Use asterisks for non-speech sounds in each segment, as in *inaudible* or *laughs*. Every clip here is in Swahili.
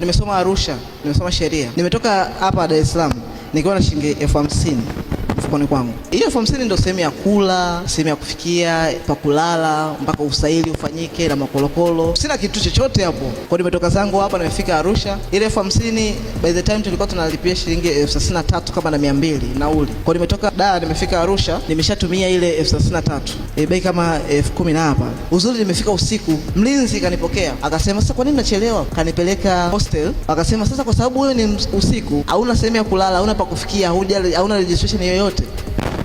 Nimesoma Arusha, nimesoma sheria, nimetoka hapa Dar es Salaam nikiwa na shilingi elfu hamsini chumbani kwangu. Hiyo form ndio sehemu ya kula, sehemu ya kufikia, pa kulala, mpaka usaili ufanyike na makolokolo. Sina kitu chochote hapo. Kwa nimetoka zangu hapa nimefika Arusha. Ile form by the time tulikuwa tunalipia shilingi elfu thelathini na tatu kama na mia mbili nauli. Kwa nimetoka Dar nimefika Arusha nimeshatumia ile elfu thelathini na tatu. Eh, bei kama elfu kumi na hapa. Uzuri nimefika usiku. Mlinzi kanipokea. Akasema sasa kwa nini nachelewa? Kanipeleka hostel. Akasema sasa kwa sababu wewe ni usiku, hauna sehemu ya kulala, hauna pa kufikia, hauna registration yoyote yote,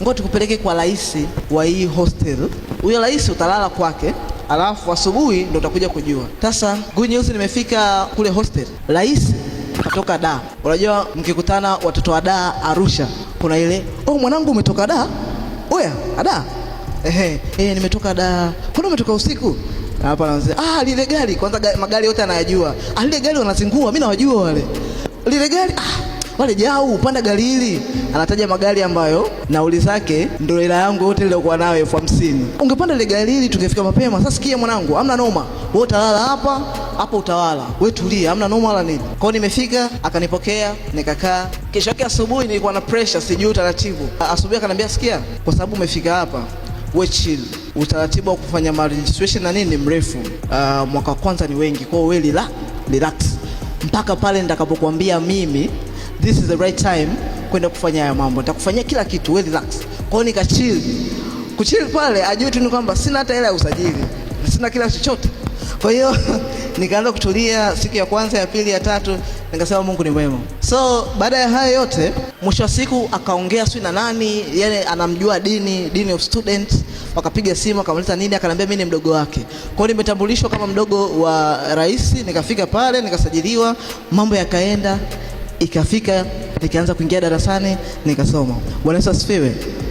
ngoja tukupeleke kwa rais wa hii hostel. Huyo rais utalala kwake, alafu asubuhi ndo utakuja kujua. Sasa good news, nimefika kule hostel, rais katoka da. Unajua mkikutana watoto wa da Arusha kuna ile oh, mwanangu umetoka da, oya ada, ehe, eh, nimetoka da. Kuna umetoka usiku hapa anaanza, ah, lile gari kwanza, magari yote anayajua. Ah, lile gari wanazingua, mimi nawajua wale, lile gari ah pale Jau upanda gari hili, anataja magari ambayo nauli zake ndio hela yangu yote niliyokuwa nayo elfu hamsini. Ungepanda ile gari hili tungefika mapema. Sasa sikia mwanangu, amna noma, wewe utalala hapa hapo, utawala wewe, tulia, amna noma wala nini. Kwao nimefika, akanipokea nikakaa. Kesho yake asubuhi nilikuwa na pressure, sijui utaratibu. Asubuhi akaniambia, sikia, kwa sababu umefika hapa we chill. Utaratibu wa kufanya registration na nini mrefu. Uh, mwaka kwanza ni wengi, kwao hiyo we relax, relax mpaka pale nitakapokuambia mimi this is the right time kwenda kufanya haya mambo, nitakufanyia kila kitu, we relax. Kwao hiyo nikachili kuchili pale, ajue tu ni kwamba sina hata hela ya usajili, sina kila chochote. Kwa hiyo *laughs* nikaanza kutulia siku ya kwanza, ya pili, ya tatu, nikasema Mungu ni mwema. So baada ya hayo yote, mwisho wa siku akaongea sio na nani, yani anamjua dini dini of student, wakapiga simu akamleta nini, akaniambia mimi ni mdogo wake. Kwa hiyo nimetambulishwa kama mdogo wa rais, nikafika pale nikasajiliwa, mambo yakaenda ikafika nikaanza kuingia darasani nikasoma. Bwana Yesu asifiwe.